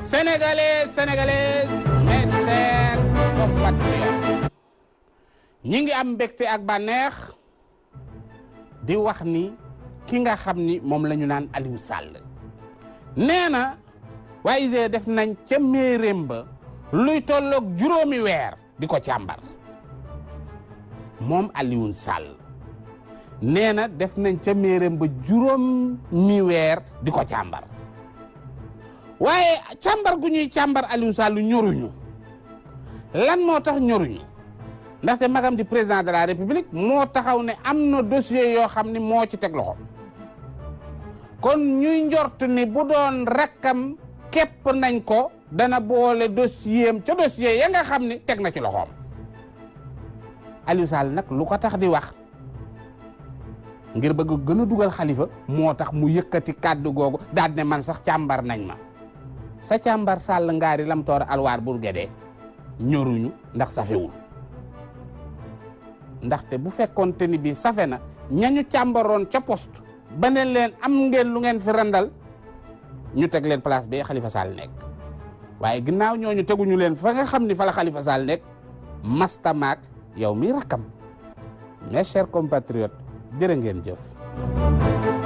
Sénégalais, Sénégalaises, mes chers compatriotes ñi ngi am mbégte ak bànneex di wax ni ki nga xam ni moom lañu naan Aliou Sall nee na waa def nañ ca méeréem ba luy tolloog juróomi weer di ko càmbar moom Aliou Sall nee def nañ ca méeréem ba juróomi weer di ko càmbar waaye càmbar gu ñuy càmbar Aliou Sall ñoruñu lan moo tax ñoruñu ndaxte magam di président de la république moo taxaw ne am na dossier yoo xam ni moo ci teg loxo kon ñuy njort ni bu doon rakkam képp nañ ko dana boole dossier am ca dossier ya nga xam ni teg na ci loxoom Aliou nag lu ko tax di wax ngir bëgg gën a dugal xalifa moo tax mu yëkkati kàddu googu daal ne man sax càmbar nañ ma sa càmbar sàll ngaari lamtoor alwaar bur gede ñoruñu ndax safewul ndaxte bu fekkoon te ni bii safe na ñañu càmbaroon ca poste ba ne leen am ngeen lu ngeen fi randal ñu teg leen place bi xalifa Sall nekk waaye ginnaaw ñooñu teguñu leen fa nga xam ni fa xalifa Khalifa nekk masta maak yow mi rakkam mes chers compatriotes ngeen jëf